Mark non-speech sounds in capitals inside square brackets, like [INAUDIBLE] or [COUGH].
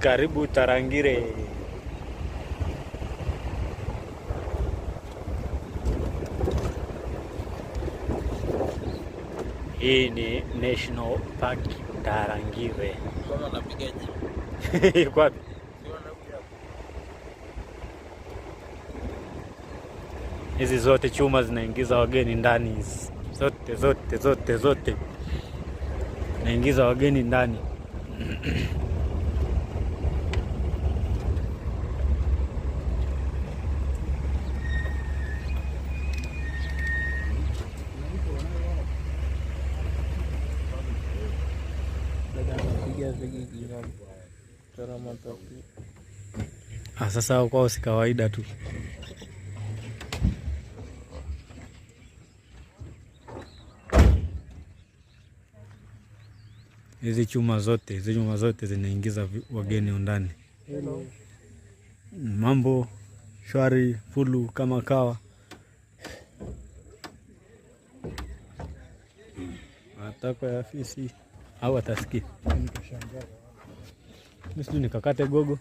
Karibu Tarangire. Hii ni National Park Tarangire. [LAUGHS] Kwa hizi zote chuma zinaingiza wageni ndani, zote zote zote zote zinaingiza wageni ndani [CLEARS THROAT] Ah, sasa kwao si kawaida tu. Hizi chuma zote, hizi chuma zote zinaingiza wageni undani. Mambo shwari fulu kama kawa. Matako ya fisi au atasikia. Mimi sijui nikakate gogo.